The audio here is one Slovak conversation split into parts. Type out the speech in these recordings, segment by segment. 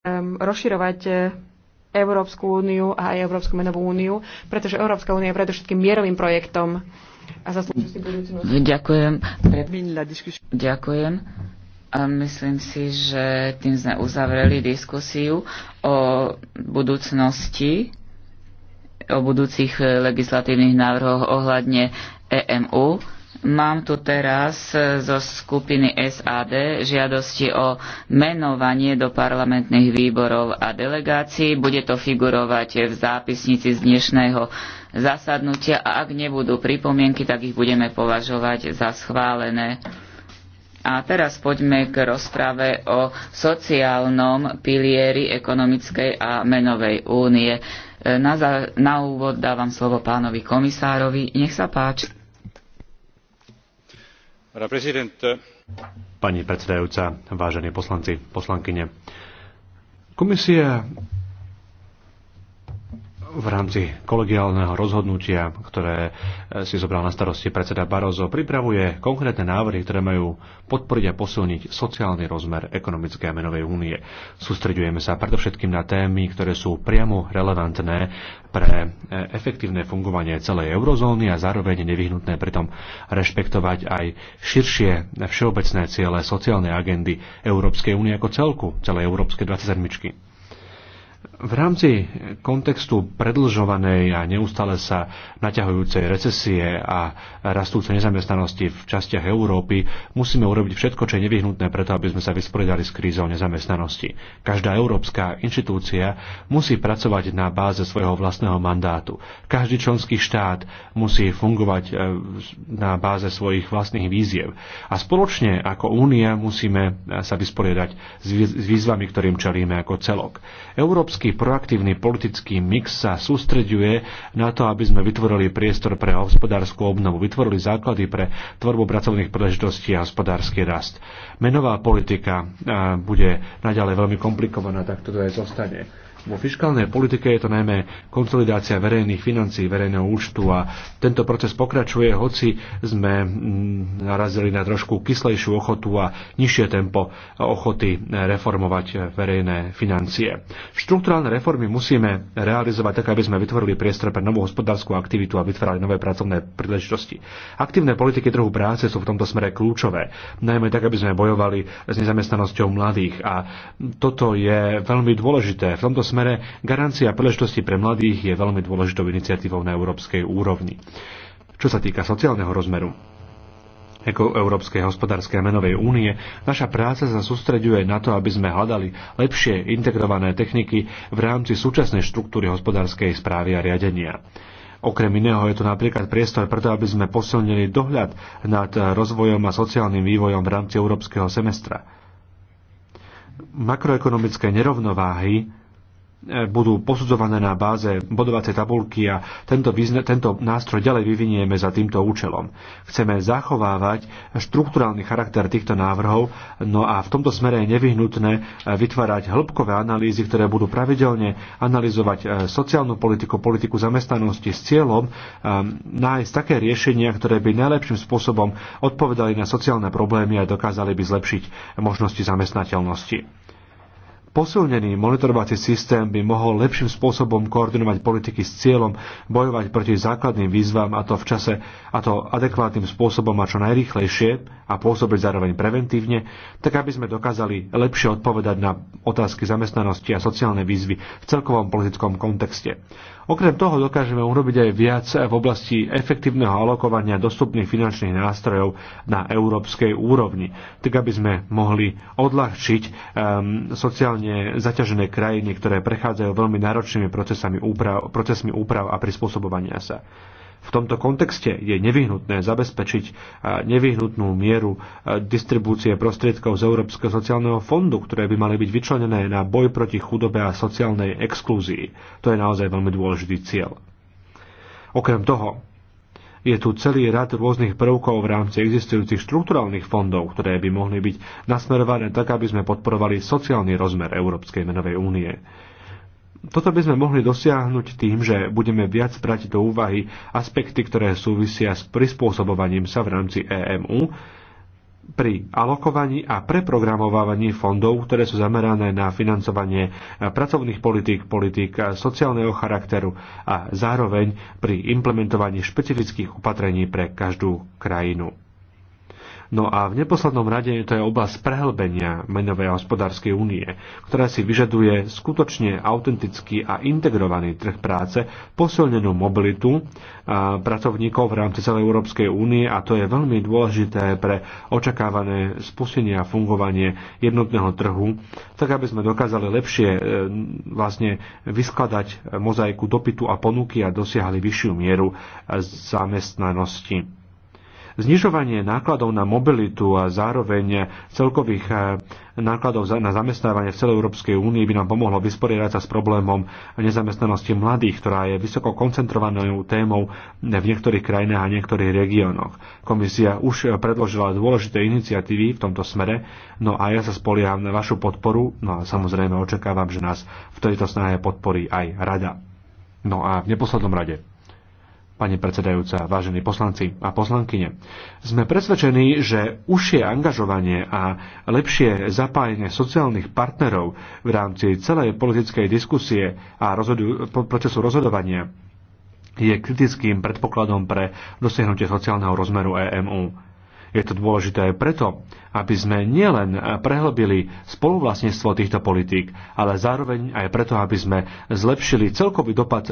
Um, rozširovať eh, Európsku úniu a aj Európsku menovú úniu, pretože Európska únia je predovšetkým mierovým projektom a zaslúži si budúcnosť. Ďakujem. Ďakujem. A myslím si, že tým sme uzavreli diskusiu o budúcnosti, o budúcich eh, legislatívnych návrhoch ohľadne EMU. Mám tu teraz e, zo skupiny SAD žiadosti o menovanie do parlamentných výborov a delegácií. Bude to figurovať v zápisnici z dnešného zasadnutia a ak nebudú pripomienky, tak ich budeme považovať za schválené. A teraz poďme k rozprave o sociálnom pilieri ekonomickej a menovej únie. E, na, za, na úvod dávam slovo pánovi komisárovi. Nech sa páči. Pani predsedajúca, vážení poslanci, poslankyne. Komisia v rámci kolegiálneho rozhodnutia, ktoré e, si zobral na starosti predseda Barozo, pripravuje konkrétne návrhy, ktoré majú podporiť a posilniť sociálny rozmer ekonomickej a menovej únie. Sústredujeme sa predovšetkým na témy, ktoré sú priamo relevantné pre e, efektívne fungovanie celej eurozóny a zároveň nevyhnutné pritom rešpektovať aj širšie všeobecné ciele sociálnej agendy Európskej únie ako celku, celej Európskej 27. V rámci kontextu predlžovanej a neustále sa naťahujúcej recesie a rastúcej nezamestnanosti v častiach Európy musíme urobiť všetko, čo je nevyhnutné preto, aby sme sa vysporiadali s krízou nezamestnanosti. Každá európska inštitúcia musí pracovať na báze svojho vlastného mandátu. Každý členský štát musí fungovať e, na báze svojich vlastných víziev. A spoločne ako únia musíme e, sa vysporiadať s výzvami, ktorým čelíme ako celok. Európsky taký proaktívny politický mix sa sústreďuje na to, aby sme vytvorili priestor pre hospodárskú obnovu, vytvorili základy pre tvorbu pracovných príležitostí a hospodársky rast. Menová politika eh, bude naďalej veľmi komplikovaná, tak toto aj zostane vo fiskálnej politike je to najmä konsolidácia verejných financií, verejného účtu a tento proces pokračuje, hoci sme mm, narazili na trošku kyslejšiu ochotu a nižšie tempo ochoty reformovať verejné financie. Štruktúrálne reformy musíme realizovať tak, aby sme vytvorili priestor pre novú hospodárskú aktivitu a vytvárali nové pracovné príležitosti. Aktívne politiky trhu práce sú v tomto smere kľúčové, najmä tak, aby sme bojovali s nezamestnanosťou mladých a toto je veľmi dôležité. V tomto smere garancia príležitosti pre mladých je veľmi dôležitou iniciatívou na európskej úrovni. Čo sa týka sociálneho rozmeru, ako Európskej hospodárskej a menovej únie, naša práca sa sústreďuje na to, aby sme hľadali lepšie integrované techniky v rámci súčasnej štruktúry hospodárskej správy a riadenia. Okrem iného je to napríklad priestor preto, aby sme posilnili dohľad nad rozvojom a sociálnym vývojom v rámci európskeho semestra. Makroekonomické nerovnováhy budú posudzované na báze bodovacej tabulky a tento, význe, tento nástroj ďalej vyvinieme za týmto účelom. Chceme zachovávať štruktúrálny charakter týchto návrhov, no a v tomto smere je nevyhnutné eh, vytvárať hĺbkové analýzy, ktoré budú pravidelne analyzovať eh, sociálnu politiku, politiku zamestnanosti s cieľom ehm, nájsť také riešenia, ktoré by najlepším spôsobom odpovedali na sociálne problémy a dokázali by zlepšiť možnosti zamestnateľnosti. Posilnený monitorovací systém by mohol lepším spôsobom koordinovať politiky s cieľom bojovať proti základným výzvam a to v čase a to adekvátnym spôsobom a čo najrýchlejšie a pôsobiť zároveň preventívne, tak aby sme dokázali lepšie odpovedať na otázky zamestnanosti a sociálne výzvy v celkovom politickom kontexte. Okrem toho dokážeme urobiť aj viac v oblasti efektívneho alokovania dostupných finančných nástrojov na európskej úrovni, tak aby sme mohli odľahčiť um, sociálne zaťažené krajiny, ktoré prechádzajú veľmi náročnými procesami úprav, procesmi úprav a prispôsobovania sa. V tomto kontexte je nevyhnutné zabezpečiť e, nevyhnutnú mieru e, distribúcie prostriedkov z Európskeho sociálneho fondu, ktoré by mali byť vyčlenené na boj proti chudobe a sociálnej exklúzii. To je naozaj veľmi dôležitý cieľ. Okrem toho, je tu celý rad rôznych prvkov v rámci existujúcich štrukturálnych fondov, ktoré by mohli byť nasmerované tak, aby sme podporovali sociálny rozmer Európskej menovej únie toto by sme mohli dosiahnuť tým, že budeme viac brať do úvahy aspekty, ktoré súvisia s prispôsobovaním sa v rámci EMU pri alokovaní a preprogramovávaní fondov, ktoré sú zamerané na financovanie pracovných politík, politík sociálneho charakteru a zároveň pri implementovaní špecifických opatrení pre každú krajinu. No a v neposlednom rade to je oblasť prehlbenia menovej a hospodárskej únie, ktorá si vyžaduje skutočne autentický a integrovaný trh práce, posilnenú mobilitu pracovníkov v rámci celej Európskej únie a to je veľmi dôležité pre očakávané spustenie a fungovanie jednotného trhu, tak aby sme dokázali lepšie e, vlastne vyskladať mozaiku dopytu a ponuky a dosiahli vyššiu mieru zamestnanosti. Znižovanie nákladov na mobilitu a zároveň celkových eh, nákladov na zamestnávanie v celej Európskej únii by nám pomohlo vysporiadať sa s problémom nezamestnanosti mladých, ktorá je vysoko koncentrovanou témou v niektorých krajinách a niektorých regiónoch. Komisia už predložila dôležité iniciatívy v tomto smere, no a ja sa spolieham na vašu podporu, no a samozrejme očakávam, že nás v tejto snahe podporí aj Rada. No a v neposlednom rade Pani predsedajúca, vážení poslanci a poslankyne, sme presvedčení, že užšie angažovanie a lepšie zapájenie sociálnych partnerov v rámci celej politickej diskusie a rozhodu- procesu rozhodovania je kritickým predpokladom pre dosiahnutie sociálneho rozmeru EMU. Je to dôležité aj preto, aby sme nielen prehlbili spoluvlastníctvo týchto politík, ale zároveň aj preto, aby sme zlepšili celkový dopad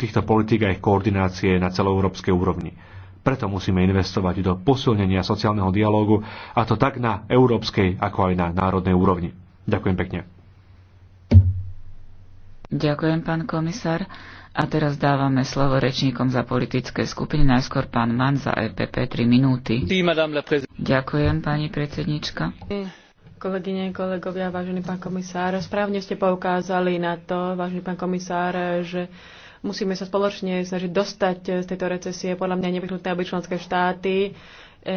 týchto politík a ich koordinácie na celoeurópskej úrovni. Preto musíme investovať do posilnenia sociálneho dialógu, a to tak na európskej, ako aj na národnej úrovni. Ďakujem pekne. Ďakujem, pán komisár. A teraz dávame slovo rečníkom za politické skupiny. Najskôr pán Man za EPP 3 minúty. Ďakujem, pani predsednička. Kolegyne, kolegovia, vážený pán komisár, správne ste poukázali na to, vážený pán komisár, že musíme sa spoločne snažiť dostať z tejto recesie. Podľa mňa je nevyhnutné, aby členské štáty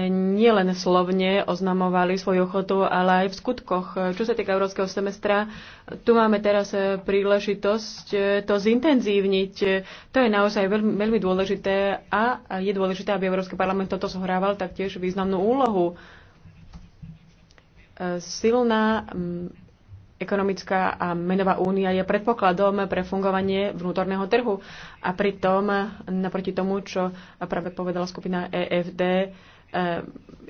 nielen slovne oznamovali svoju ochotu, ale aj v skutkoch. Čo sa týka európskeho semestra, tu máme teraz e, príležitosť e, to zintenzívniť. To je naozaj veľmi, veľmi dôležité a je dôležité, aby Európsky parlament toto zohrával taktiež významnú úlohu. E, silná ekonomická a menová únia je predpokladom pre fungovanie vnútorného trhu. A pritom, naproti tomu, čo práve povedala skupina EFD, Eh,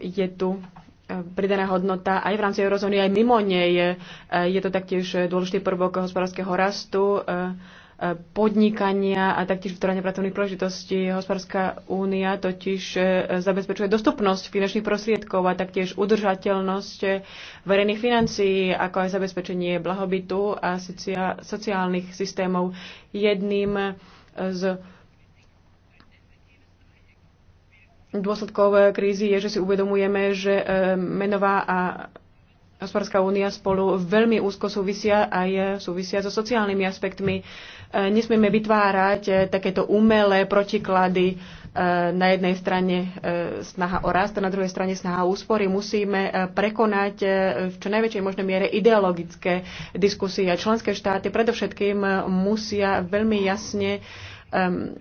je tu eh, pridaná hodnota aj v rámci eurozóny, aj mimo nej. Eh, je to taktiež dôležitý prvok hospodárskeho rastu, podnikania a taktiež vytvorenia pracovných príležitostí. Hospodárska únia totiž zabezpečuje dostupnosť finančných prostriedkov a taktiež udržateľnosť verejných financií, ako aj zabezpečenie blahobytu a sociálnych systémov. Jedným z dôsledkov eh, krízy je, že si uvedomujeme, že eh, menová a hospodárska únia spolu veľmi úzko súvisia aj súvisia so sociálnymi aspektmi. Eh, nesmieme vytvárať takéto umelé protiklady na jednej strane snaha o rast, na druhej strane snaha o úspory. Musíme prekonať v čo najväčšej možnej miere ideologické diskusie. Členské štáty predovšetkým musia veľmi jasne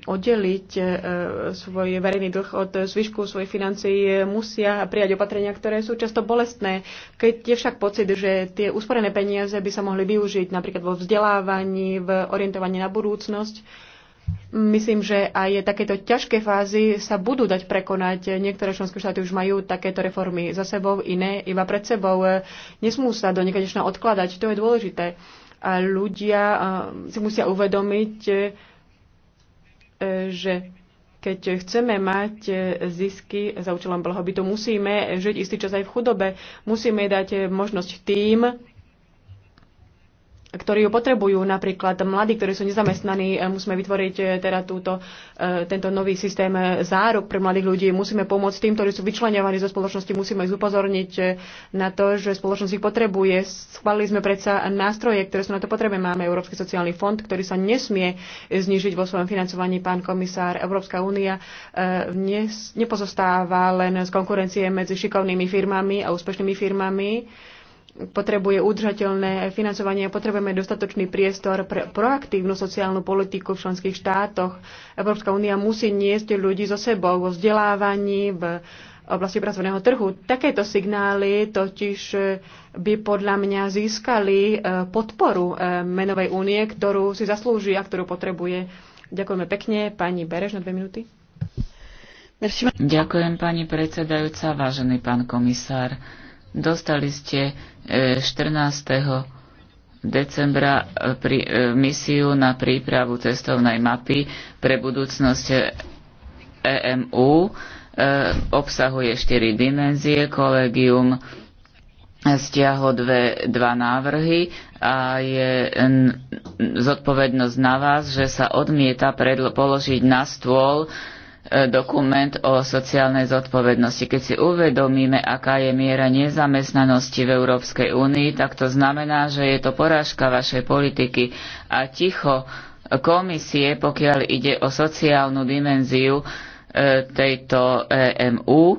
oddeliť e, svoj verejný dlh od zvyšku svojich financií, e, musia prijať opatrenia, ktoré sú často bolestné. Keď je však pocit, že tie usporené peniaze by sa mohli využiť napríklad vo vzdelávaní, v orientovaní na budúcnosť, Myslím, že aj takéto ťažké fázy sa budú dať prekonať. Niektoré členské štáty už majú takéto reformy za sebou, iné iba pred sebou. E, nesmú sa do nekonečna odkladať, to je dôležité. A ľudia si musia uvedomiť, že keď chceme mať zisky za účelom blahobytu, musíme žiť istý čas aj v chudobe. Musíme dať možnosť tým, ktorí ju potrebujú, napríklad mladí, ktorí sú nezamestnaní, e, musíme vytvoriť e, teda túto, e, tento nový systém záruk pre mladých ľudí, musíme pomôcť tým, ktorí sú vyčlenovaní zo spoločnosti, musíme ich upozorniť na to, že spoločnosť ich potrebuje. Schválili sme predsa nástroje, ktoré sú na to potrebné. Máme Európsky sociálny fond, ktorý sa nesmie znižiť vo svojom financovaní. Pán komisár, Európska únia nepozostáva len z konkurencie medzi šikovnými firmami a úspešnými firmami potrebuje udržateľné financovanie a potrebujeme dostatočný priestor pre proaktívnu sociálnu politiku v členských štátoch. Európska únia musí niesť ľudí so sebou vo vzdelávaní, v oblasti pracovného trhu. Takéto signály totiž eh, by podľa mňa získali eh, podporu eh, menovej únie, ktorú si zaslúži a ktorú potrebuje. Ďakujeme pekne. Pani Bereš na dve minúty. Ďakujem, pani predsedajúca, vážený pán komisár. Dostali ste 14. decembra e, pri, e, misiu na prípravu cestovnej mapy pre budúcnosť EMU. E, obsahuje štyri dimenzie. Kolegium stiahlo dve, dva návrhy a je zodpovednosť na vás, že sa odmieta položiť na stôl E, dokument o sociálnej zodpovednosti. Keď si uvedomíme, aká je miera nezamestnanosti v Európskej únii, tak to znamená, že je to porážka vašej politiky a ticho komisie, pokiaľ ide o sociálnu dimenziu E, tejto EMU, e,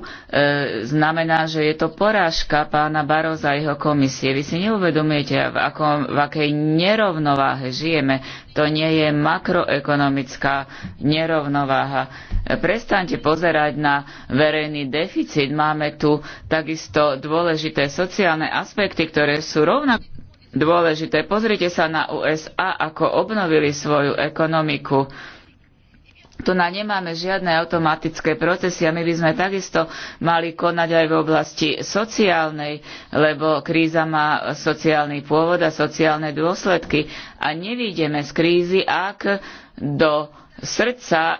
znamená, že je to porážka pána Baroza a jeho komisie. Vy si neuvedomujete, v, akom, v akej nerovnováhe žijeme. To nie je makroekonomická nerovnováha. E, prestaňte pozerať na verejný deficit. Máme tu takisto dôležité sociálne aspekty, ktoré sú rovnako dôležité. Pozrite sa na USA, ako obnovili svoju ekonomiku tu na nemáme žiadne automatické procesy a my by sme takisto mali konať aj v oblasti sociálnej, lebo kríza má sociálny pôvod a sociálne dôsledky. A nevídeme z krízy, ak do srdca e,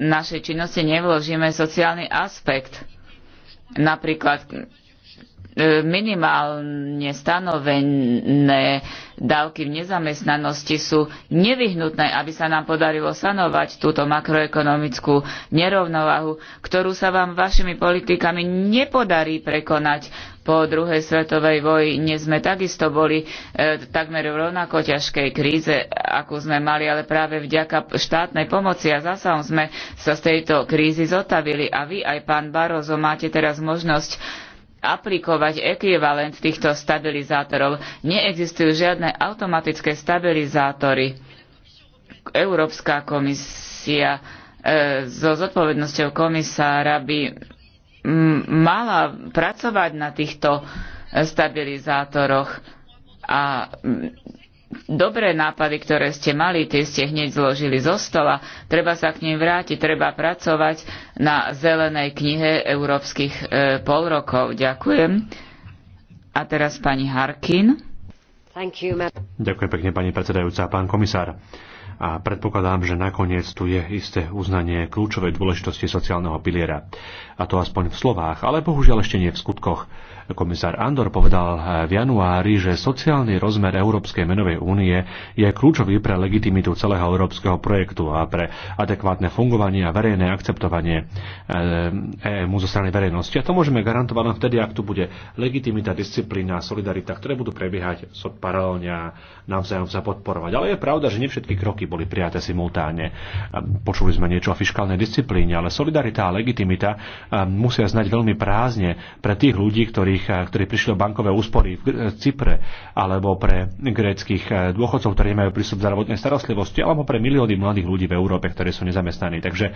našej činnosti nevložíme sociálny aspekt. Napríklad E, minimálne stanovené dávky v nezamestnanosti sú nevyhnutné, aby sa nám podarilo sanovať túto makroekonomickú nerovnováhu, ktorú sa vám vašimi politikami nepodarí prekonať. Po druhej svetovej vojne sme takisto boli e, takmer v rovnako ťažkej kríze, ako sme mali, ale práve vďaka štátnej pomoci a zásahom sme sa z tejto krízy zotavili. A vy aj pán Barozo máte teraz možnosť aplikovať ekvivalent týchto stabilizátorov. Neexistujú žiadne automatické stabilizátory. Európska komisia e, so zodpovednosťou komisára by mala pracovať na týchto stabilizátoroch a dobré nápady, ktoré ste mali, tie ste hneď zložili zo stola. Treba sa k nim vrátiť, treba pracovať na zelenej knihe európskych e, polrokov. Ďakujem. A teraz pani Harkin. You, Ďakujem pekne, pani predsedajúca. Pán komisár, a predpokladám, že nakoniec tu je isté uznanie kľúčovej dôležitosti sociálneho piliera. A to aspoň v slovách, ale bohužiaľ ešte nie v skutkoch Komisár Andor povedal eh, v januári, že sociálny rozmer Európskej menovej únie je kľúčový pre legitimitu celého európskeho projektu a pre adekvátne fungovanie a verejné akceptovanie eh, EMU zo strany verejnosti. A to môžeme garantovať len vtedy, ak tu bude legitimita, disciplína, solidarita, ktoré budú prebiehať paralelne a navzájom sa podporovať. Ale je pravda, že nie všetky kroky boli prijaté simultáne. Počuli sme niečo o fiskálnej disciplíne, ale solidarita a legitimita eh, musia znať veľmi prázdne pre tých ľudí, ktorých tých, ktorí prišli o bankové úspory v eh, Cypre, alebo pre gréckých eh, dôchodcov, ktorí nemajú prístup k zdravotnej starostlivosti, alebo pre milióny mladých ľudí v Európe, ktorí sú nezamestnaní. Takže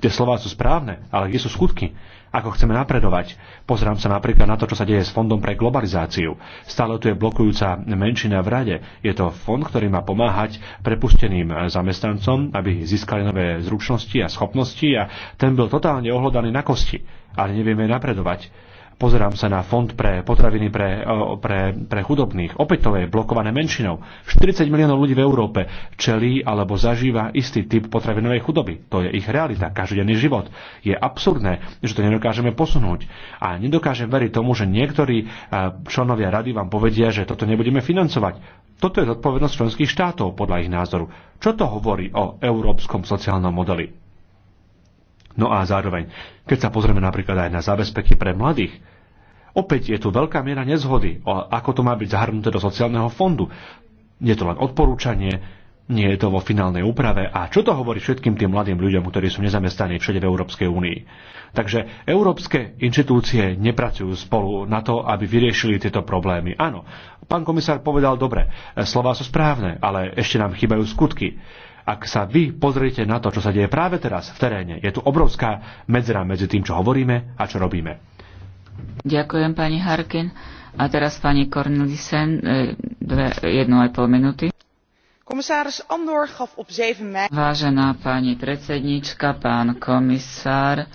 tie slova sú správne, ale kde sú skutky? Ako chceme napredovať? Pozrám sa napríklad na to, čo sa deje s Fondom pre globalizáciu. Stále tu je blokujúca menšina v rade. Je to fond, ktorý má pomáhať prepusteným eh, zamestnancom, aby získali nové zručnosti a schopnosti a ten bol totálne ohľadaný na kosti ale nevieme napredovať. Pozerám sa na fond pre potraviny pre, pre, pre chudobných. Opäť to je blokované menšinou. 40 miliónov ľudí v Európe čelí alebo zažíva istý typ potravinovej chudoby. To je ich realita, každodenný život. Je absurdné, že to nedokážeme posunúť. A nedokážem veriť tomu, že niektorí e, členovia rady vám povedia, že toto nebudeme financovať. Toto je zodpovednosť členských štátov, podľa ich názoru. Čo to hovorí o európskom sociálnom modeli? No a zároveň, keď sa pozrieme napríklad aj na zabezpeky pre mladých, opäť je tu veľká miera nezhody, o ako to má byť zahrnuté do sociálneho fondu. Je to len odporúčanie, nie je to vo finálnej úprave a čo to hovorí všetkým tým mladým ľuďom, ktorí sú nezamestnaní všade v Európskej únii. Takže európske inštitúcie nepracujú spolu na to, aby vyriešili tieto problémy. Áno, pán komisár povedal dobre, slova sú správne, ale ešte nám chýbajú skutky ak sa vy pozriete na to, čo sa deje práve teraz v teréne, je tu obrovská medzera medzi tým, čo hovoríme a čo robíme. Ďakujem, pani Harkin. A teraz pani Cornelissen, e, dve, jednu aj pol minúty. Andor gaf op 7 mei... Vážená pani predsednička, pán komisár,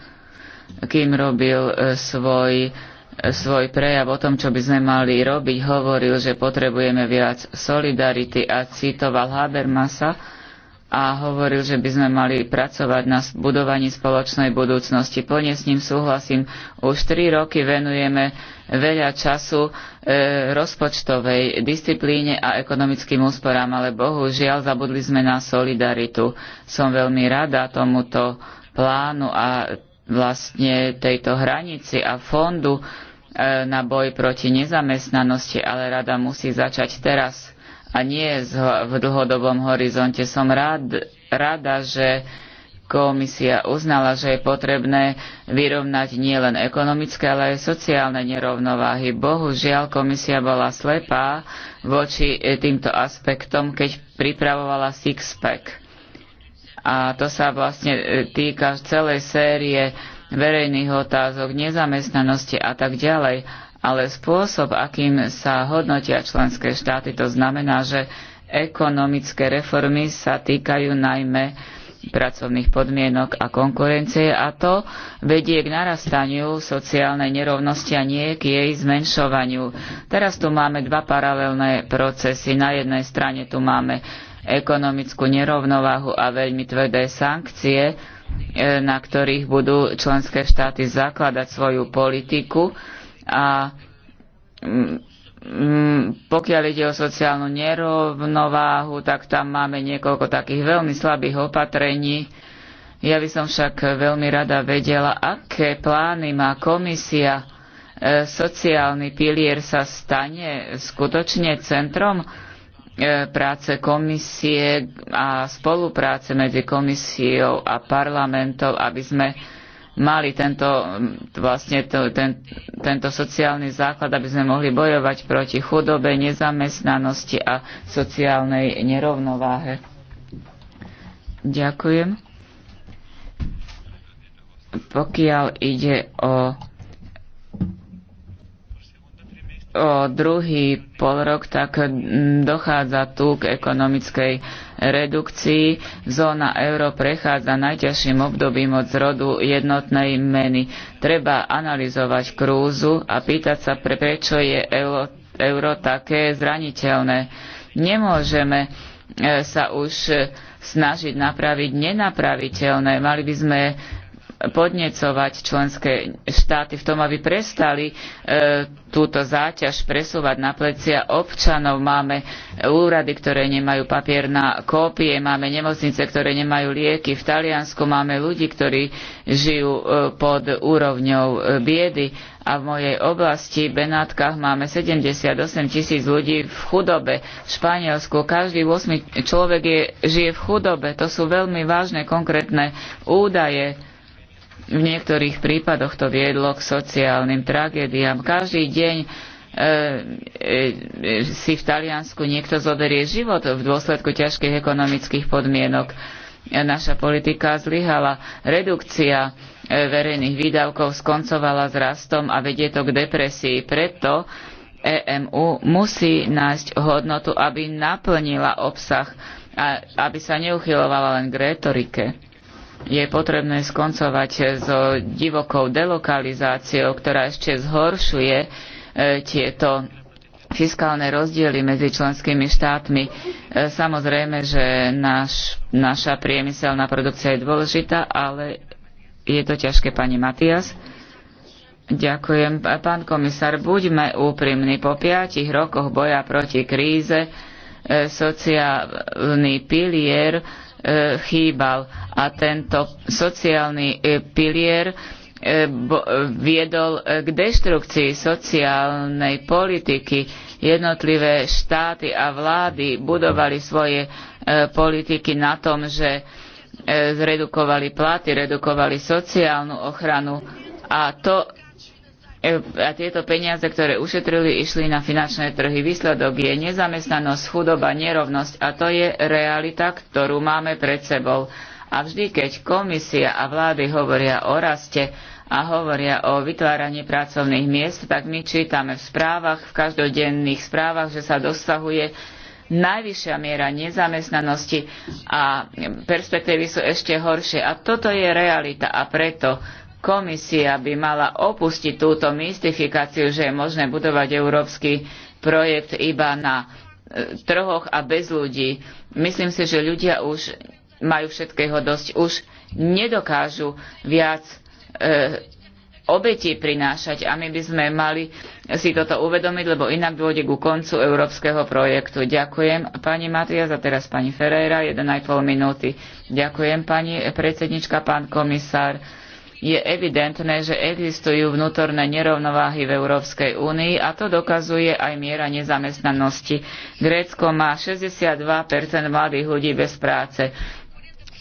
kým robil e, svoj, e, svoj prejav o tom, čo by sme mali robiť, hovoril, že potrebujeme viac solidarity a citoval Habermasa, a hovoril, že by sme mali pracovať na budovaní spoločnej budúcnosti. Plne s ním súhlasím. Už tri roky venujeme veľa času e, rozpočtovej disciplíne a ekonomickým úsporám, ale bohužiaľ zabudli sme na solidaritu. Som veľmi rada tomuto plánu a vlastne tejto hranici a fondu e, na boj proti nezamestnanosti, ale rada musí začať teraz a nie v dlhodobom horizonte. Som rád, rada, že komisia uznala, že je potrebné vyrovnať nielen ekonomické, ale aj sociálne nerovnováhy. Bohužiaľ, komisia bola slepá voči e, týmto aspektom, keď pripravovala six-pack. A to sa vlastne e, týka celej série verejných otázok, nezamestnanosti a tak ďalej ale spôsob, akým sa hodnotia členské štáty, to znamená, že ekonomické reformy sa týkajú najmä pracovných podmienok a konkurencie a to vedie k narastaniu sociálnej nerovnosti a nie k jej zmenšovaniu. Teraz tu máme dva paralelné procesy. Na jednej strane tu máme ekonomickú nerovnováhu a veľmi tvrdé sankcie, e, na ktorých budú členské štáty zakladať svoju politiku a mm, mm, pokiaľ ide o sociálnu nerovnováhu, tak tam máme niekoľko takých veľmi slabých opatrení. Ja by som však veľmi rada vedela, aké plány má komisia. E, sociálny pilier sa stane skutočne centrom e, práce komisie a spolupráce medzi komisiou a parlamentom, aby sme mali tento, vlastne to, ten, tento sociálny základ, aby sme mohli bojovať proti chudobe, nezamestnanosti a sociálnej nerovnováhe. Ďakujem. Pokiaľ ide o o druhý rok, tak mm, dochádza tu k ekonomickej redukcii. Zóna euro prechádza najťažším obdobím od zrodu jednotnej meny. Treba analyzovať krúzu a pýtať sa, prečo je euro, euro také zraniteľné. Nemôžeme e, sa už e, snažiť napraviť nenapraviteľné. Mali by sme podnecovať členské štáty v tom, aby prestali e, túto záťaž presúvať na plecia občanov. Máme úrady, ktoré nemajú papier na kópie, máme nemocnice, ktoré nemajú lieky. V Taliansku máme ľudí, ktorí žijú e, pod úrovňou e, biedy a v mojej oblasti Benátkach máme 78 tisíc ľudí v chudobe. V Španielsku každý 8 človek je, žije v chudobe. To sú veľmi vážne konkrétne údaje v niektorých prípadoch to viedlo k sociálnym tragédiám. Každý deň e, e, e, si v Taliansku niekto zoberie život v dôsledku ťažkých ekonomických podmienok. Naša politika zlyhala. Redukcia e, verejných výdavkov skoncovala s rastom a vedie to k depresii. Preto EMU musí nájsť hodnotu, aby naplnila obsah a aby sa neuchylovala len k retorike je potrebné skoncovať so divokou delokalizáciou, ktorá ešte zhoršuje e, tieto fiskálne rozdiely medzi členskými štátmi. E, samozrejme, že naš, naša priemyselná produkcia je dôležitá, ale je to ťažké, pani Matias. Ďakujem. Pán komisár, buďme úprimní. Po piatich rokoch boja proti kríze e, sociálny pilier E, chýbal. A tento sociálny e, pilier e, viedol k deštrukcii sociálnej politiky. Jednotlivé štáty a vlády budovali svoje politiky na tom, že zredukovali platy, redukovali sociálnu ochranu a to a tieto peniaze, ktoré ušetrili, išli na finančné trhy. Výsledok je nezamestnanosť, chudoba, nerovnosť a to je realita, ktorú máme pred sebou. A vždy, keď komisia a vlády hovoria o raste a hovoria o vytváraní pracovných miest, tak my čítame v správach, v každodenných správach, že sa dosahuje najvyššia miera nezamestnanosti a perspektívy sú ešte horšie. A toto je realita a preto Komisia by mala opustiť túto mystifikáciu, že je možné budovať európsky projekt iba na e, trhoch a bez ľudí. Myslím si, že ľudia už majú všetkého dosť, už nedokážu viac e, obetí prinášať a my by sme mali si toto uvedomiť, lebo inak dôjde ku koncu európskeho projektu. Ďakujem pani Matias a teraz pani Ferreira, 1,5 minúty. Ďakujem pani predsednička, pán komisár. Je evidentné, že existujú vnútorné nerovnováhy v Európskej únii a to dokazuje aj miera nezamestnanosti. Grécko má 62 mladých ľudí bez práce.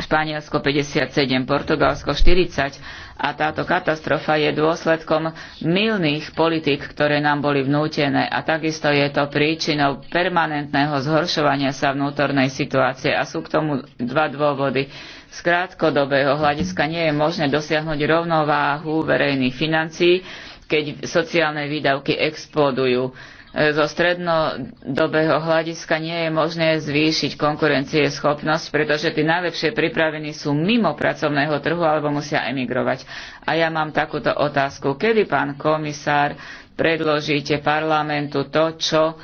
Španielsko 57, Portugalsko 40 a táto katastrofa je dôsledkom mylných politik, ktoré nám boli vnútené a takisto je to príčinou permanentného zhoršovania sa vnútornej situácie a sú k tomu dva dôvody. Z krátkodobého hľadiska nie je možné dosiahnuť rovnováhu verejných financií, keď sociálne výdavky explodujú. E, zo strednodobého hľadiska nie je možné zvýšiť konkurencieschopnosť, pretože tí najlepšie pripravení sú mimo pracovného trhu alebo musia emigrovať. A ja mám takúto otázku. Kedy, pán komisár, predložíte parlamentu to, čo e,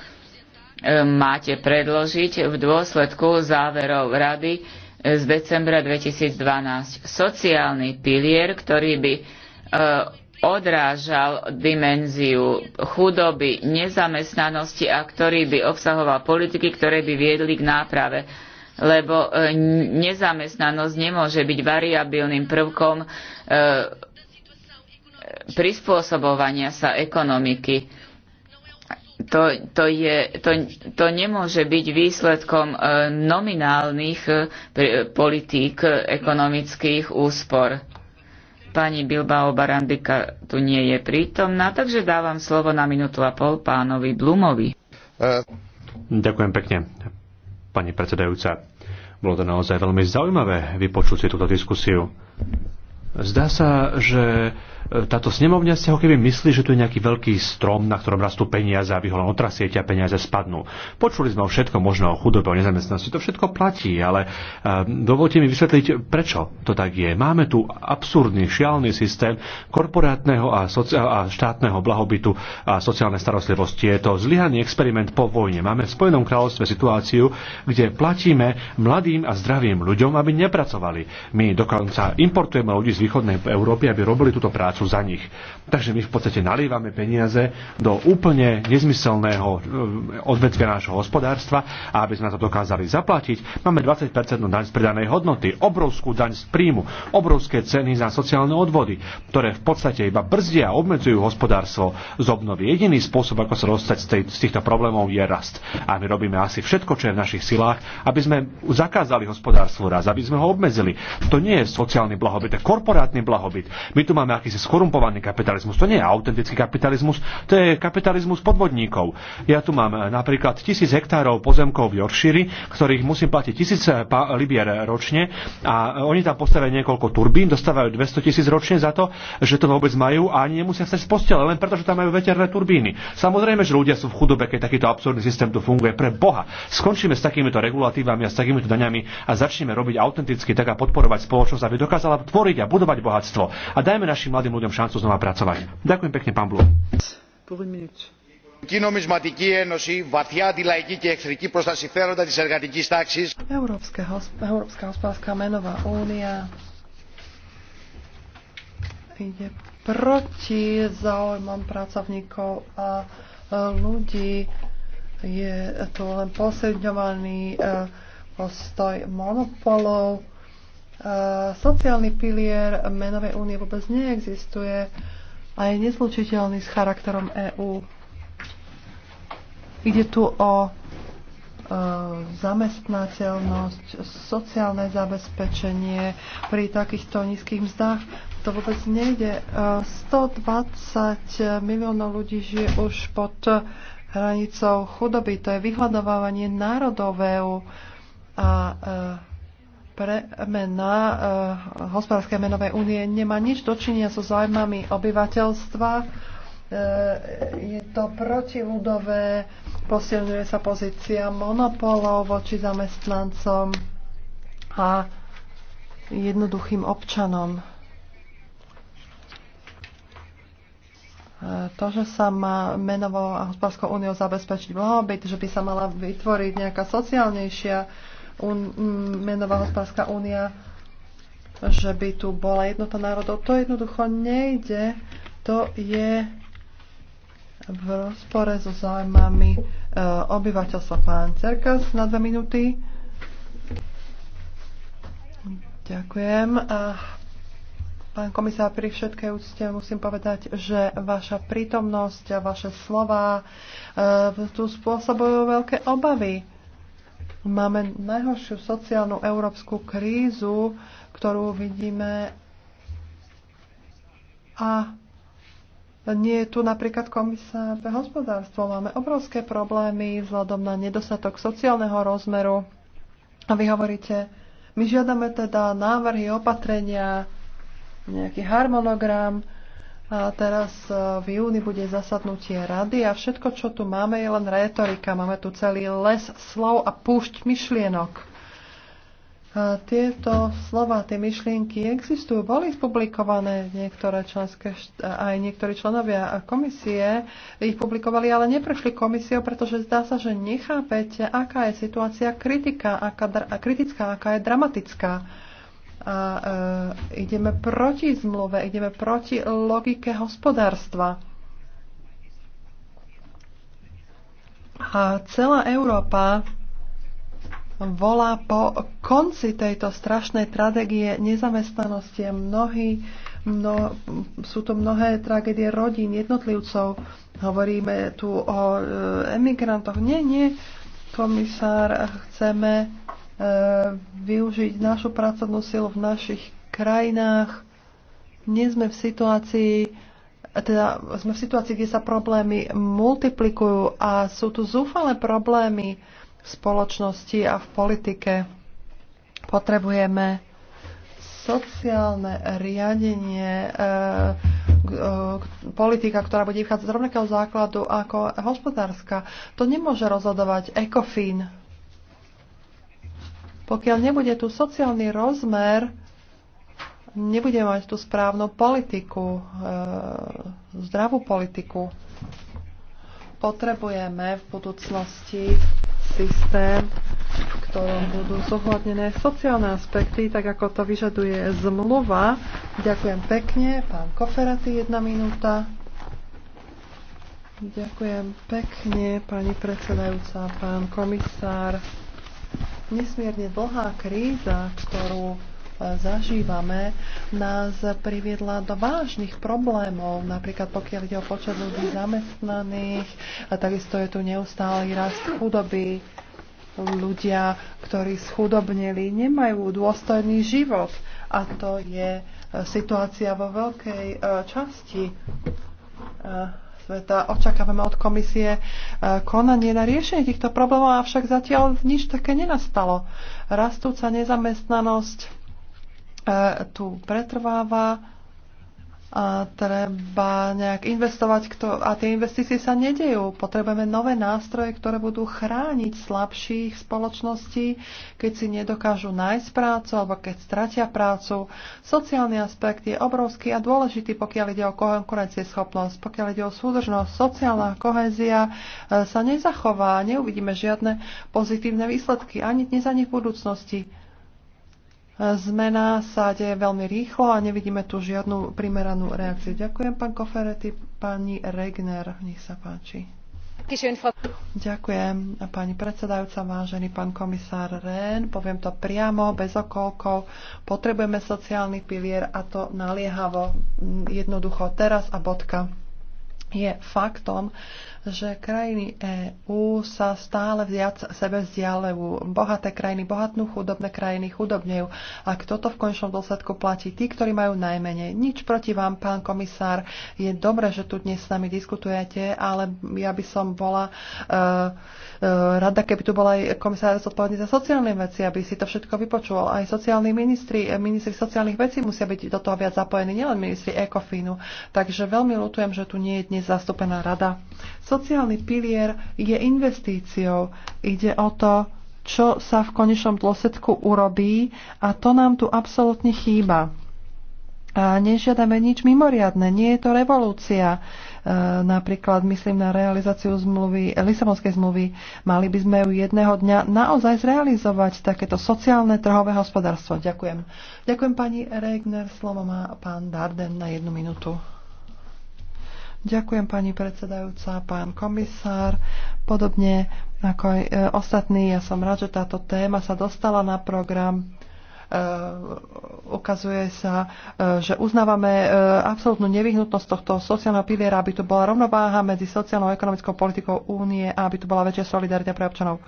máte predložiť v dôsledku záverov rady z decembra 2012. Sociálny pilier, ktorý by e, odrážal dimenziu chudoby, nezamestnanosti a ktorý by obsahoval politiky, ktoré by viedli k náprave lebo e, nezamestnanosť nemôže byť variabilným prvkom e, prispôsobovania sa ekonomiky to, to, je, to, to nemôže byť výsledkom e, nominálnych e, e, politík ekonomických úspor. Pani Bilbao Barandika tu nie je prítomná, takže dávam slovo na minútu a pol pánovi Blumovi. Ďakujem pekne, pani predsedajúca. Bolo to naozaj veľmi zaujímavé vypočuť si túto diskusiu. Zdá sa, že táto snemovňa si ho keby myslí, že tu je nejaký veľký strom, na ktorom rastú peniaze a ho len otrasieť a peniaze spadnú. Počuli sme o všetko možno o chudobe, o nezamestnanosti, to všetko platí, ale ehm, dovolte mi vysvetliť, prečo to tak je. Máme tu absurdný, šialný systém korporátneho a, a štátneho blahobytu a sociálnej starostlivosti. Je to zlyhaný experiment po vojne. Máme v Spojenom kráľovstve situáciu, kde platíme mladým a zdravým ľuďom, aby nepracovali. My dokonca importujeme ľudí z východnej Európy, aby robili túto prácu prácu za nich. Takže my v podstate nalievame peniaze do úplne nezmyselného e, odvetvia nášho hospodárstva a aby sme to dokázali zaplatiť, máme 20% daň z pridanej hodnoty, obrovskú daň z príjmu, obrovské ceny za sociálne odvody, ktoré v podstate iba brzdia a obmedzujú hospodárstvo z obnovy. Jediný spôsob, ako sa dostať z, tej, z týchto problémov, je rast. A my robíme asi všetko, čo je v našich silách, aby sme zakázali hospodárstvo raz, aby sme ho obmedzili. To nie je sociálny blahobyt, to je korporátny blahobyt. My tu máme akýsi skorumpovaný kapitalizmus. To nie je autentický kapitalizmus, to je kapitalizmus podvodníkov. Ja tu mám eh, napríklad tisíc hektárov pozemkov v Yorkshire, ktorých musím platiť tisíc eh, libier ročne a eh, oni tam postavia niekoľko turbín, dostávajú 200 tisíc ročne za to, že to vôbec majú a ani nemusia sa z postele, len preto, že tam majú veterné turbíny. Samozrejme, že ľudia sú v chudobe, keď takýto absurdný systém tu funguje. Pre Boha, skončíme s takýmito regulatívami a s takýmito daňami a začneme robiť autenticky tak a podporovať spoločnosť, aby dokázala tvoriť a budovať bohatstvo. A dajme našim mladým mladým ľuďom šancu znova pracovať. Ďakujem pekne, pán Blum. Európska, Európska hospodárska menová únia ide proti záujmom pracovníkov a e, ľudí. Je tu len posilňovaný e, postoj monopolov Eh, sociálny pilier menovej únie vôbec neexistuje a je neslučiteľný s charakterom EÚ. Ide tu o eh, zamestnateľnosť, sociálne zabezpečenie pri takýchto nízkych mzdách. To vôbec nejde. 120 eh, miliónov ľudí žije už pod hranicou chudoby. To je vyhľadovávanie národov EU. A premena uh, eh, hospodárskej menovej únie nemá nič dočinia so zájmami obyvateľstva. Uh, je to protiludové, posilňuje sa pozícia monopolov voči zamestnancom a jednoduchým občanom. Eh, to, že sa má menovo a hospodárskou úniou zabezpečiť blahobyt, že by sa mala vytvoriť nejaká sociálnejšia un, mm, menová hospodárska únia, že by tu bola jednota národov. To jednoducho nejde. To je v rozpore so zájmami e, obyvateľstva. Pán Cerkas na dve minúty. Ďakujem. A pán komisár, pri všetkej úcte musím povedať, že vaša prítomnosť a vaše slova e, tu spôsobujú veľké obavy Máme najhoršiu sociálnu európsku krízu, ktorú vidíme a nie je tu napríklad komisár pre hospodárstvo. Máme obrovské problémy vzhľadom na nedostatok sociálneho rozmeru. A vy hovoríte, my žiadame teda návrhy, opatrenia, nejaký harmonogram, a teraz e, v júni bude zasadnutie rady a všetko, čo tu máme, je len retorika. Máme tu celý les slov a púšť myšlienok. A tieto slova, tie myšlienky existujú, boli publikované niektoré členské, aj niektorí členovia komisie, ich publikovali, ale neprešli komisiou, pretože zdá sa, že nechápete, aká je situácia kritika, aká, kritická, aká je dramatická a e, ideme proti zmluve, ideme proti logike hospodárstva. A celá Európa volá po konci tejto strašnej tragédie nezamestnanosti a mnohí, mno, sú to mnohé tragédie rodín, jednotlivcov. Hovoríme tu o e, emigrantoch. Nie, nie, komisár, chceme E, využiť našu pracovnú silu v našich krajinách. Nie sme v situácii, teda sme v situácii, kde sa problémy multiplikujú a sú tu zúfale problémy v spoločnosti a v politike. Potrebujeme sociálne riadenie, e, e, politika, ktorá bude vychádzať z rovnakého základu ako hospodárska. To nemôže rozhodovať ECOFIN pokiaľ nebude tu sociálny rozmer, nebude mať tú správnu politiku, e, zdravú politiku. Potrebujeme v budúcnosti systém, v ktorom budú zohľadnené sociálne aspekty, tak ako to vyžaduje zmluva. Ďakujem pekne. Pán Koferaty, jedna minúta. Ďakujem pekne, pani predsedajúca, pán komisár. Nesmierne dlhá kríza, ktorú e, zažívame, nás priviedla do vážnych problémov, napríklad pokiaľ ide o počet ľudí zamestnaných a takisto je tu neustály rast chudoby. Ľudia, ktorí schudobnili, nemajú dôstojný život a to je e, situácia vo veľkej e, časti sveta. Očakávame od komisie e, konanie na riešenie týchto problémov, avšak zatiaľ nič také nenastalo. Rastúca nezamestnanosť e, tu pretrváva a treba nejak investovať kto, a tie investície sa nedejú. Potrebujeme nové nástroje, ktoré budú chrániť slabších spoločností, keď si nedokážu nájsť prácu alebo keď stratia prácu. Sociálny aspekt je obrovský a dôležitý, pokiaľ ide o konkurencieschopnosť, pokiaľ ide o súdržnosť. Sociálna kohézia e, sa nezachová, neuvidíme žiadne pozitívne výsledky ani dnes, ani v budúcnosti. Zmena sa deje veľmi rýchlo a nevidíme tu žiadnu primeranú reakciu. Ďakujem, pán Koferety. Pani Regner, nech sa páči. Ďakujem, pani predsedajúca, vážený pán komisár Rehn. Poviem to priamo, bez okolkov. Potrebujeme sociálny pilier a to naliehavo, jednoducho teraz a bodka je faktom, že krajiny EÚ sa stále viac sebe vzdialujú. Bohaté krajiny bohatnú, chudobné krajiny chudobnejú. A kto to v končnom dôsledku platí? Tí, ktorí majú najmenej. Nič proti vám, pán komisár. Je dobre, že tu dnes s nami diskutujete, ale ja by som bola uh, uh, rada, keby tu bola aj komisár zodpovedný za sociálne veci, aby si to všetko vypočul. Aj sociálni ministri, eh, ministri sociálnych vecí musia byť do toho viac zapojení, nielen ministri ECOFINu. Takže veľmi ľutujem, že tu nie je dnes zastúpená rada. Sociálny pilier je investíciou. Ide o to, čo sa v konečnom dôsledku urobí a to nám tu absolútne chýba. A nežiadame nič mimoriadne, nie je to revolúcia. E, napríklad myslím na realizáciu zmluvy, Lisabonskej zmluvy. Mali by sme ju jedného dňa naozaj zrealizovať takéto sociálne trhové hospodárstvo. Ďakujem. Ďakujem pani Regner, slovo má pán Darden na jednu minútu. Ďakujem pani predsedajúca, pán komisár. Podobne ako aj e, ostatní, ja som rád, že táto téma sa dostala na program. E, ukazuje sa, e, že uznávame absolútnu nevyhnutnosť tohto sociálneho piliera, aby tu bola rovnováha medzi sociálnou a ekonomickou politikou únie a aby tu bola väčšia solidarita pre občanov.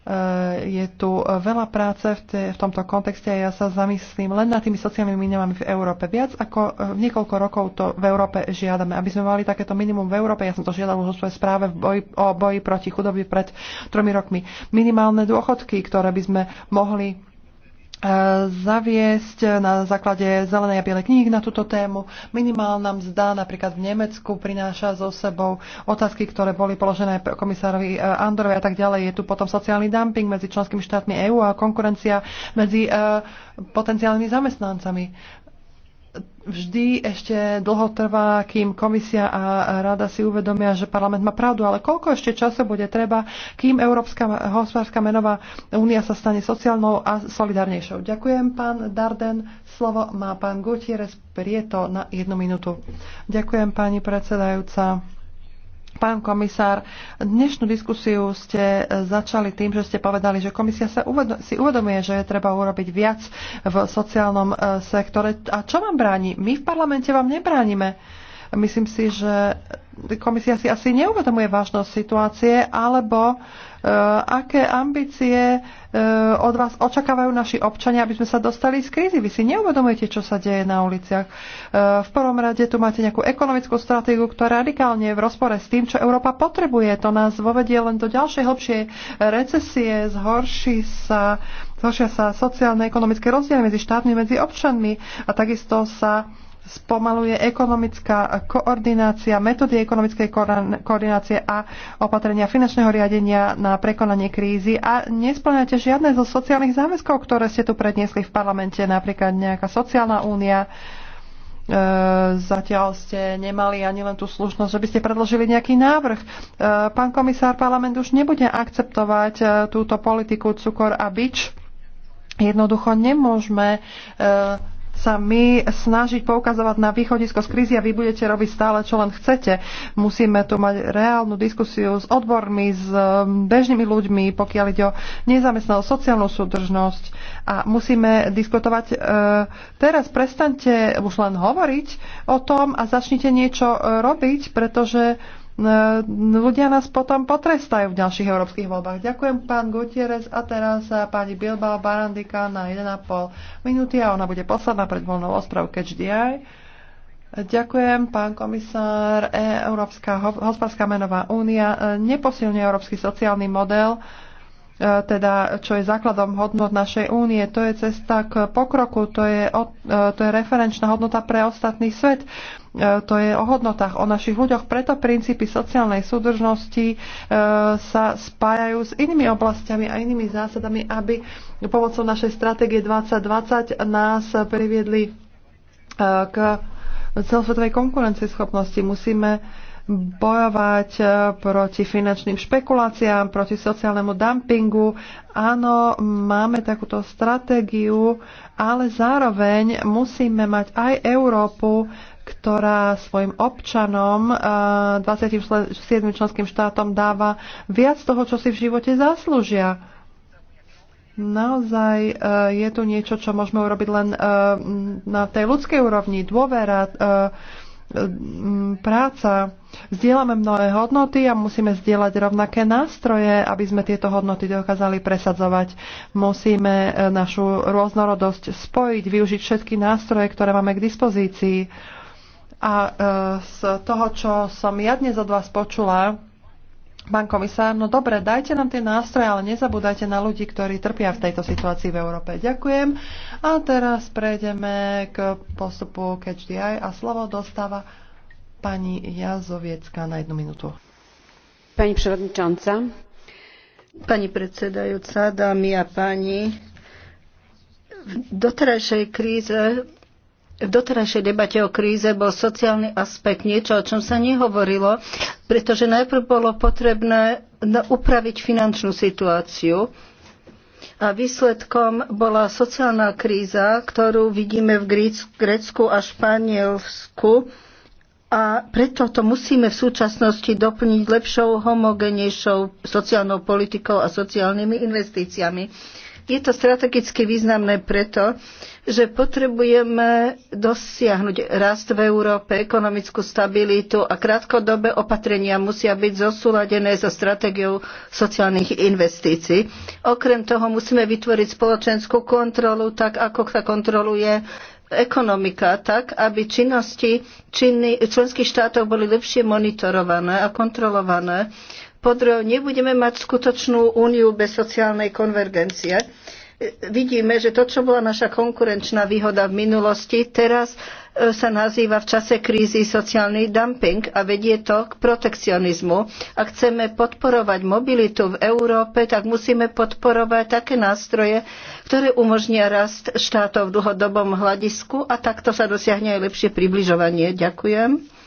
Eh, je tu veľa práce v, te, v tomto kontexte a ja sa zamyslím len nad tými sociálnymi minimami v Európe. Viac ako eh, niekoľko rokov to v Európe žiadame, aby sme mali takéto minimum v Európe. Ja som to žiadal už o svojej správe v boji, o boji proti chudobe pred tromi rokmi. Minimálne dôchodky, ktoré by sme mohli E, zaviesť na základe zelenej a bielej knihy na túto tému. Minimálna mzda napríklad v Nemecku prináša so sebou otázky, ktoré boli položené komisárovi e, Andorovi a tak ďalej. Je tu potom sociálny dumping medzi členskými štátmi EÚ a konkurencia medzi e, potenciálnymi zamestnancami vždy ešte dlho trvá, kým komisia a rada si uvedomia, že parlament má pravdu, ale koľko ešte času bude treba, kým Európska hospodárska menová únia sa stane sociálnou a solidárnejšou. Ďakujem, pán Darden. Slovo má pán Gutierrez Prieto na jednu minútu. Ďakujem, pani predsedajúca. Pán komisár, dnešnú diskusiu ste e, začali tým, že ste povedali, že komisia sa uvedom- si uvedomuje, že je treba urobiť viac v sociálnom e, sektore. A čo vám bráni? My v parlamente vám nebránime. Myslím si, že komisia si asi neuvedomuje vážnosť situácie, alebo Eh, aké ambície eh, od vás očakávajú naši občania, aby sme sa dostali z krízy. Vy si neuvedomujete, čo sa deje na uliciach. Eh, v prvom rade tu máte nejakú ekonomickú stratégiu, ktorá radikálne je v rozpore s tým, čo Európa potrebuje. To nás vovedie len do ďalšej hlbšej recesie, zhorší sa, zhoršia sa sociálne, ekonomické rozdiely medzi štátmi, medzi občanmi a takisto sa spomaluje ekonomická koordinácia, metódy ekonomickej koordinácie a opatrenia finančného riadenia na prekonanie krízy a nesplňate žiadne zo sociálnych záväzkov, ktoré ste tu predniesli v parlamente, napríklad nejaká sociálna únia. E, zatiaľ ste nemali ani len tú slušnosť, že by ste predložili nejaký návrh. E, pán komisár, parlament už nebude akceptovať e, túto politiku cukor a bič. Jednoducho nemôžeme e, sa my snažiť poukazovať na východisko z krízy a vy budete robiť stále, čo len chcete. Musíme tu mať reálnu diskusiu s odbormi, s um, bežnými ľuďmi, pokiaľ ide o nezamestnanosť, sociálnu súdržnosť a musíme diskutovať e, teraz. Prestaňte už len hovoriť o tom a začnite niečo e, robiť, pretože E, ľudia nás potom potrestajú v ďalších európskych voľbách. Ďakujem pán Gutierrez a teraz e, pani Bilbao Barandika na 1,5 minúty a ona bude posledná pred voľnou ostrov Catch Ďakujem, pán komisár. E, Európska hospodárska menová únia neposilňuje európsky sociálny model, teda čo je základom hodnot našej únie. To je cesta k pokroku, to je, to je referenčná hodnota pre ostatný svet. E, to je o hodnotách, o našich ľuďoch. Preto princípy sociálnej súdržnosti e, sa spájajú s inými oblastiami a inými zásadami, aby pomocou našej stratégie 2020 nás priviedli e, k celosvetovej konkurencieschopnosti. Musíme bojovať proti finančným špekuláciám, proti sociálnemu dumpingu. Áno, máme takúto stratégiu, ale zároveň musíme mať aj Európu, ktorá svojim občanom, 27 eh, členským štátom dáva viac toho, čo si v živote zaslúžia. Naozaj eh, je tu niečo, čo môžeme urobiť len eh, na tej ľudskej úrovni. Dôvera, práca. Zdieľame mnohé hodnoty a musíme zdieľať rovnaké nástroje, aby sme tieto hodnoty dokázali presadzovať. Musíme našu rôznorodosť spojiť, využiť všetky nástroje, ktoré máme k dispozícii a e, z toho, čo som ja dnes od vás počula, pán komisár, no dobre, dajte nám tie nástroje, ale nezabúdajte na ľudí, ktorí trpia v tejto situácii v Európe. Ďakujem. A teraz prejdeme k postupu Catch the Eye a slovo dostáva pani Jazoviecka na jednu minútu. Pani przewodnicząca. Pani predsedajúca, dámy a páni, v doterajšej kríze v doterajšej debate o kríze bol sociálny aspekt, niečo, o čom sa nehovorilo, pretože najprv bolo potrebné no, upraviť finančnú situáciu a výsledkom bola sociálna kríza, ktorú vidíme v Grécku a Španielsku a preto to musíme v súčasnosti doplniť lepšou, homogenejšou sociálnou politikou a sociálnymi investíciami. Je to strategicky významné preto, že potrebujeme dosiahnuť rast v Európe, ekonomickú stabilitu a krátkodobé opatrenia musia byť zosúladené so stratégiou sociálnych investícií. Okrem toho musíme vytvoriť spoločenskú kontrolu, tak ako sa kontroluje ekonomika tak, aby činnosti činný, členských štátov boli lepšie monitorované a kontrolované. Po druhé, nebudeme mať skutočnú úniu bez sociálnej konvergencie. Vidíme, že to, čo bola naša konkurenčná výhoda v minulosti, teraz e, sa nazýva v čase krízy sociálny dumping a vedie to k protekcionizmu. Ak chceme podporovať mobilitu v Európe, tak musíme podporovať také nástroje, ktoré umožnia rast štátov v dlhodobom hľadisku a takto sa dosiahne aj lepšie približovanie. Ďakujem.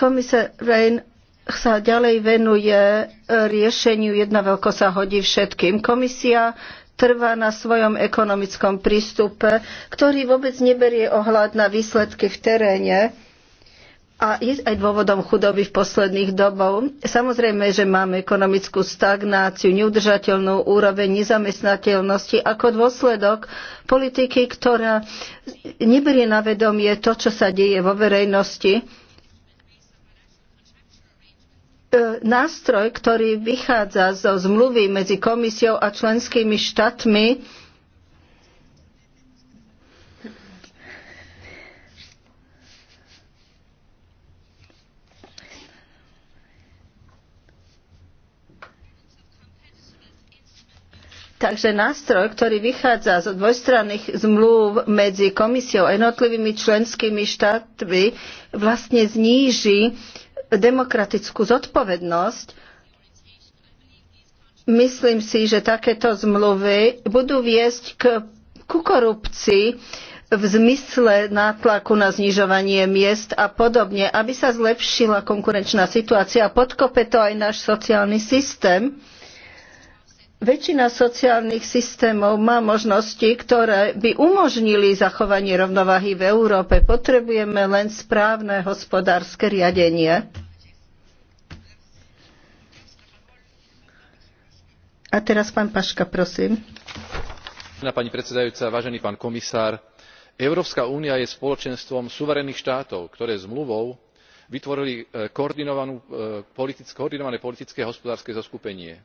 Komisár Rehn sa ďalej venuje e, riešeniu jedna veľko sa hodí všetkým. Komisia trvá na svojom ekonomickom prístupe, ktorý vôbec neberie ohľad na výsledky v teréne a je aj dôvodom chudoby v posledných dobov. Samozrejme, že máme ekonomickú stagnáciu, neudržateľnú úroveň nezamestnateľnosti ako dôsledok politiky, ktorá neberie na vedomie to, čo sa deje vo verejnosti E, nástroj, ktorý vychádza zo zmluvy medzi komisiou a členskými štátmi, Takže nástroj, ktorý vychádza z dvojstranných zmluv medzi komisiou a jednotlivými členskými štátmi, vlastne zníži demokratickú zodpovednosť, myslím si, že takéto zmluvy budú viesť k, ku korupcii v zmysle nátlaku na znižovanie miest a podobne, aby sa zlepšila konkurenčná situácia. a Podkope to aj náš sociálny systém. Väčšina sociálnych systémov má možnosti, ktoré by umožnili zachovanie rovnováhy v Európe. Potrebujeme len správne hospodárske riadenie. A teraz pán Paška, prosím. Pani predsedajúca, vážený pán komisár, Európska únia je spoločenstvom suverénnych štátov, ktoré zmluvou vytvorili eh, eh, koordinované politické a hospodárske zoskupenie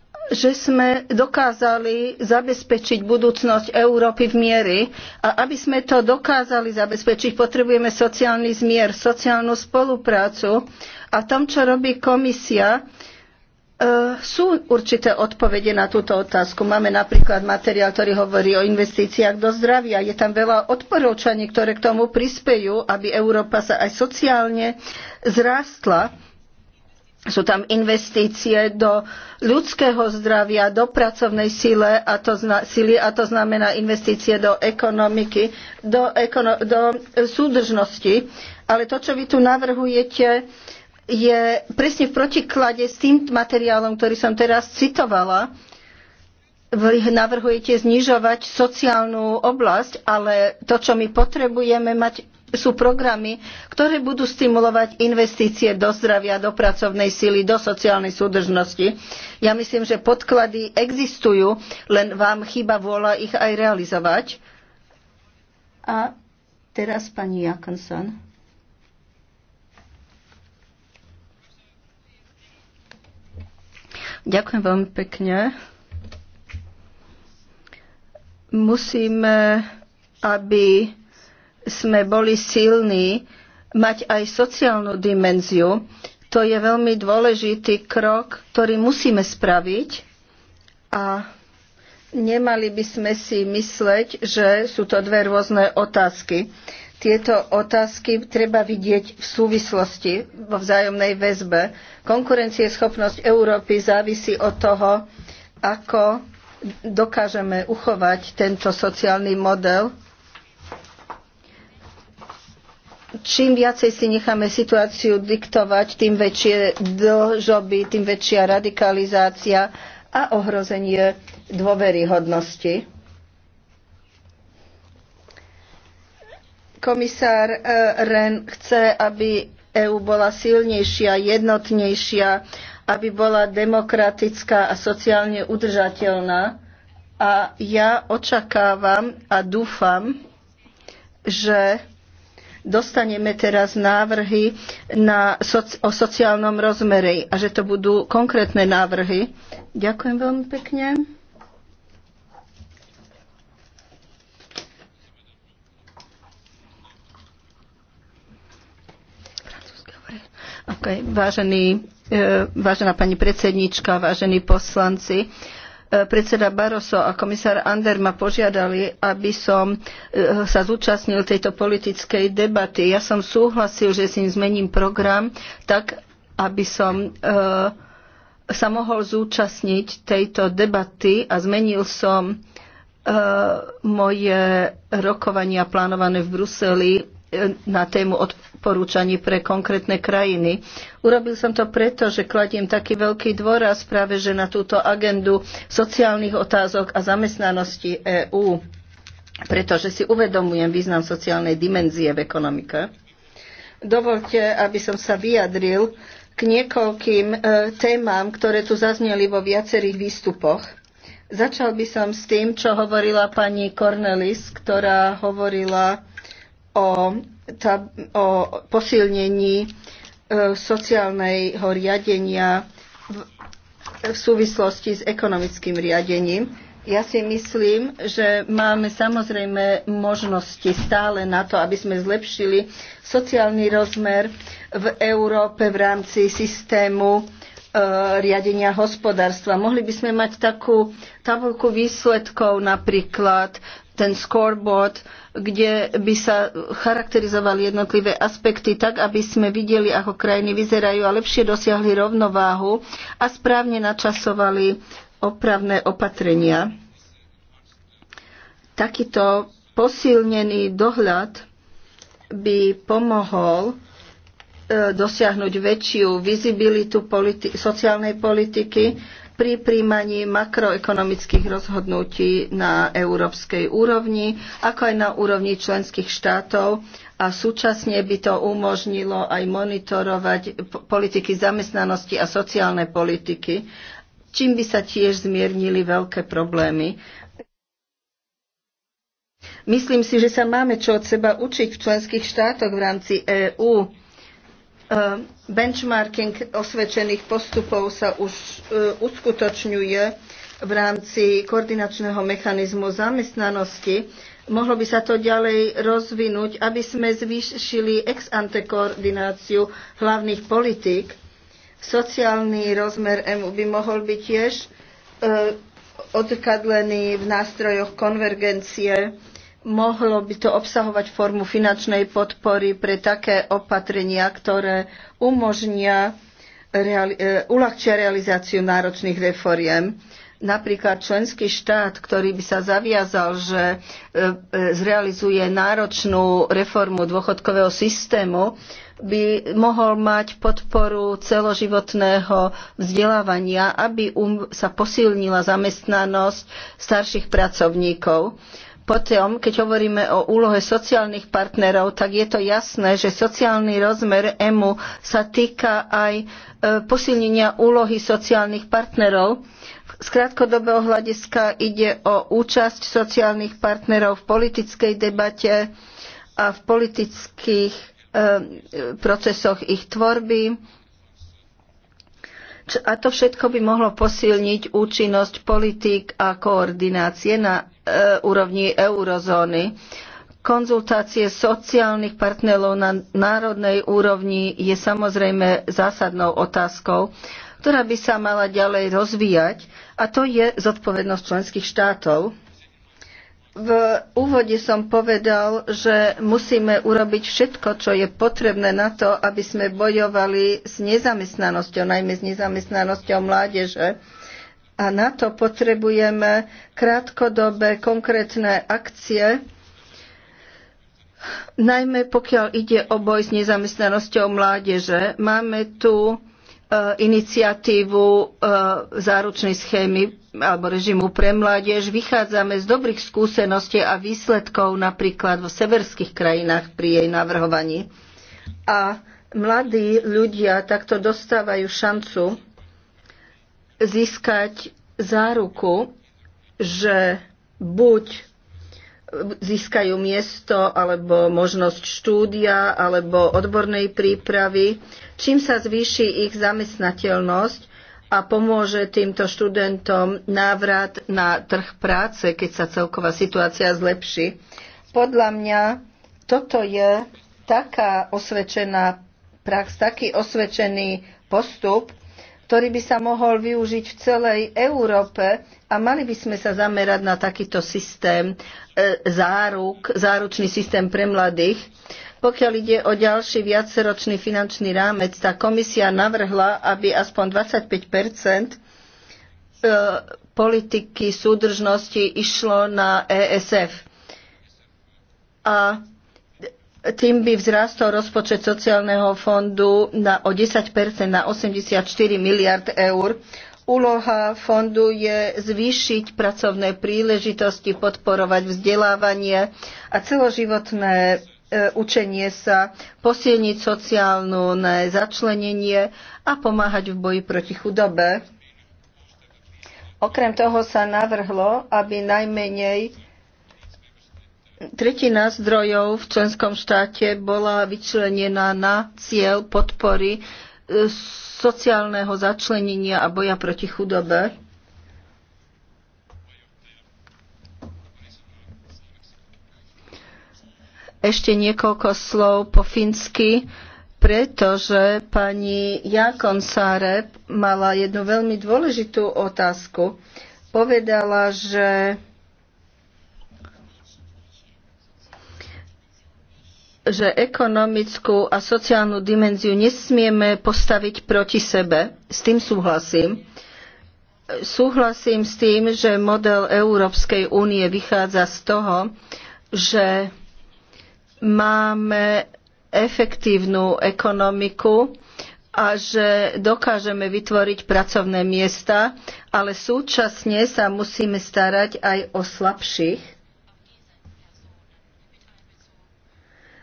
že sme dokázali zabezpečiť budúcnosť Európy v miery. A aby sme to dokázali zabezpečiť, potrebujeme sociálny zmier, sociálnu spoluprácu. A v tom, čo robí komisia, e, sú určité odpovede na túto otázku. Máme napríklad materiál, ktorý hovorí o investíciách do zdravia. Je tam veľa odporúčaní, ktoré k tomu prispejú, aby Európa sa aj sociálne zrástla. Sú tam investície do ľudského zdravia, do pracovnej síle a to, zna, síly, a to znamená investície do ekonomiky, do, ekono, do súdržnosti. Ale to, čo vy tu navrhujete, je presne v protiklade s tým materiálom, ktorý som teraz citovala. Vy navrhujete znižovať sociálnu oblasť, ale to, čo my potrebujeme mať sú programy, ktoré budú stimulovať investície do zdravia, do pracovnej síly, do sociálnej súdržnosti. Ja myslím, že podklady existujú, len vám chýba vôľa ich aj realizovať. A teraz pani Jakonson. Ďakujem veľmi pekne. Musíme, aby sme boli silní, mať aj sociálnu dimenziu. To je veľmi dôležitý krok, ktorý musíme spraviť a nemali by sme si mysleť, že sú to dve rôzne otázky. Tieto otázky treba vidieť v súvislosti, vo vzájomnej väzbe. Konkurencieschopnosť Európy závisí od toho, ako dokážeme uchovať tento sociálny model čím viacej si necháme situáciu diktovať, tým väčšie dlžoby, tým väčšia radikalizácia a ohrozenie dôveryhodnosti. Komisár eh, Ren chce, aby EÚ bola silnejšia, jednotnejšia, aby bola demokratická a sociálne udržateľná. A ja očakávam a dúfam, že dostaneme teraz návrhy na, o sociálnom rozmere a že to budú konkrétne návrhy. Ďakujem veľmi pekne. Okay. Vážený, e, vážená pani predsednička, vážení poslanci, predseda Barroso a komisár Ander ma požiadali, aby som eh, sa zúčastnil tejto politickej debaty. Ja som súhlasil, že si zmením program tak, aby som eh, sa mohol zúčastniť tejto debaty a zmenil som eh, moje rokovania plánované v Bruseli na tému od odporúčaní pre konkrétne krajiny. Urobil som to preto, že kladím taký veľký dôraz práve že na túto agendu sociálnych otázok a zamestnanosti EÚ, pretože si uvedomujem význam sociálnej dimenzie v ekonomike. Dovolte, aby som sa vyjadril k niekoľkým e, témam, ktoré tu zazneli vo viacerých výstupoch. Začal by som s tým, čo hovorila pani Cornelis, ktorá hovorila o o posilnení e, sociálneho riadenia v súvislosti s ekonomickým riadením. Ja si myslím, že máme samozrejme možnosti stále na to, aby sme zlepšili sociálny rozmer v Európe v rámci systému e, riadenia hospodárstva. Mohli by sme mať takú tabulku výsledkov, napríklad ten scoreboard, kde by sa charakterizovali jednotlivé aspekty tak, aby sme videli, ako krajiny vyzerajú a lepšie dosiahli rovnováhu a správne načasovali opravné opatrenia. Takýto posilnený dohľad by pomohol e, dosiahnuť väčšiu vizibilitu politi- sociálnej politiky pri príjmaní makroekonomických rozhodnutí na európskej úrovni, ako aj na úrovni členských štátov a súčasne by to umožnilo aj monitorovať politiky zamestnanosti a sociálne politiky, čím by sa tiež zmiernili veľké problémy. Myslím si, že sa máme čo od seba učiť v členských štátoch v rámci EÚ Ehm, benchmarking osvedčených postupov sa už eh, uskutočňuje v rámci koordinačného mechanizmu zamestnanosti. Mohlo by sa to ďalej rozvinúť, aby sme zvýšili ex ante koordináciu hlavných politík. Sociálny rozmer EMU by mohol byť tiež eh, odkadlený v nástrojoch konvergencie mohlo by to obsahovať formu finančnej podpory pre také opatrenia, ktoré umožnia reali- e, uľahčia realizáciu náročných reforiem. Napríklad členský štát, ktorý by sa zaviazal, že e, e, zrealizuje náročnú reformu dôchodkového systému, by mohol mať podporu celoživotného vzdelávania, aby um- sa posilnila zamestnanosť starších pracovníkov. Potom, keď hovoríme o úlohe sociálnych partnerov, tak je to jasné, že sociálny rozmer EMU sa týka aj e, posilnenia úlohy sociálnych partnerov. Z krátkodobého hľadiska ide o účasť sociálnych partnerov v politickej debate a v politických e, procesoch ich tvorby, a to všetko by mohlo posilniť účinnosť politík a koordinácie na E, úrovni eurozóny. Konzultácie sociálnych partnerov na národnej úrovni je samozrejme zásadnou otázkou, ktorá by sa mala ďalej rozvíjať a to je zodpovednosť členských štátov. V úvode som povedal, že musíme urobiť všetko, čo je potrebné na to, aby sme bojovali s nezamestnanosťou, najmä s nezamestnanosťou mládeže a na to potrebujeme krátkodobé konkrétne akcie, najmä pokiaľ ide o boj s nezamestnanosťou mládeže. Máme tu e, iniciatívu e, záručnej schémy alebo režimu pre mládež. Vychádzame z dobrých skúseností a výsledkov napríklad vo severských krajinách pri jej navrhovaní. A mladí ľudia takto dostávajú šancu získať záruku, že buď získajú miesto alebo možnosť štúdia alebo odbornej prípravy, čím sa zvýši ich zamestnateľnosť a pomôže týmto študentom návrat na trh práce, keď sa celková situácia zlepší. Podľa mňa toto je taká osvedčená prax, taký osvedčený postup, ktorý by sa mohol využiť v celej Európe a mali by sme sa zamerať na takýto systém e, záruk, záručný systém pre mladých. Pokiaľ ide o ďalší viaceročný finančný rámec, tá komisia navrhla, aby aspoň 25 e, politiky súdržnosti išlo na ESF. A tým by vzrástol rozpočet sociálneho fondu na, o 10 na 84 miliard eur. Úloha fondu je zvýšiť pracovné príležitosti, podporovať vzdelávanie a celoživotné e, učenie sa, posilniť sociálne začlenenie a pomáhať v boji proti chudobe. Okrem toho sa navrhlo, aby najmenej tretina zdrojov v členskom štáte bola vyčlenená na cieľ podpory e, sociálneho začlenenia a boja proti chudobe. Ešte niekoľko slov po fínsky, pretože pani Jakon Sáre mala jednu veľmi dôležitú otázku. Povedala, že že ekonomickú a sociálnu dimenziu nesmieme postaviť proti sebe. S tým súhlasím. Súhlasím s tým, že model Európskej únie vychádza z toho, že máme efektívnu ekonomiku a že dokážeme vytvoriť pracovné miesta, ale súčasne sa musíme starať aj o slabších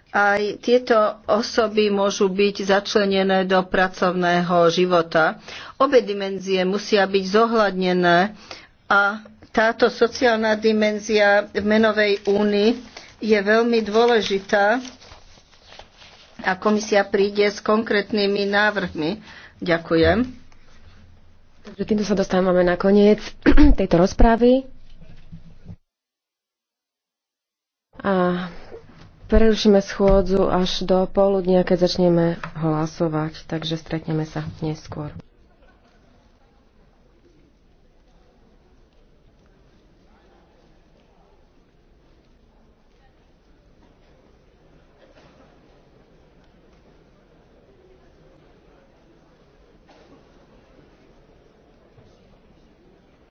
Aj tieto osoby môžu byť začlenené do pracovného života. Obe dimenzie musia byť zohľadnené a táto sociálna dimenzia v menovej únii je veľmi dôležitá a komisia príde s konkrétnymi návrhmi. Ďakujem. Takže týmto sa dostávame na koniec tejto rozprávy. A Prerušíme schôdzu až do poludnia, keď začneme hlasovať, takže stretneme sa neskôr.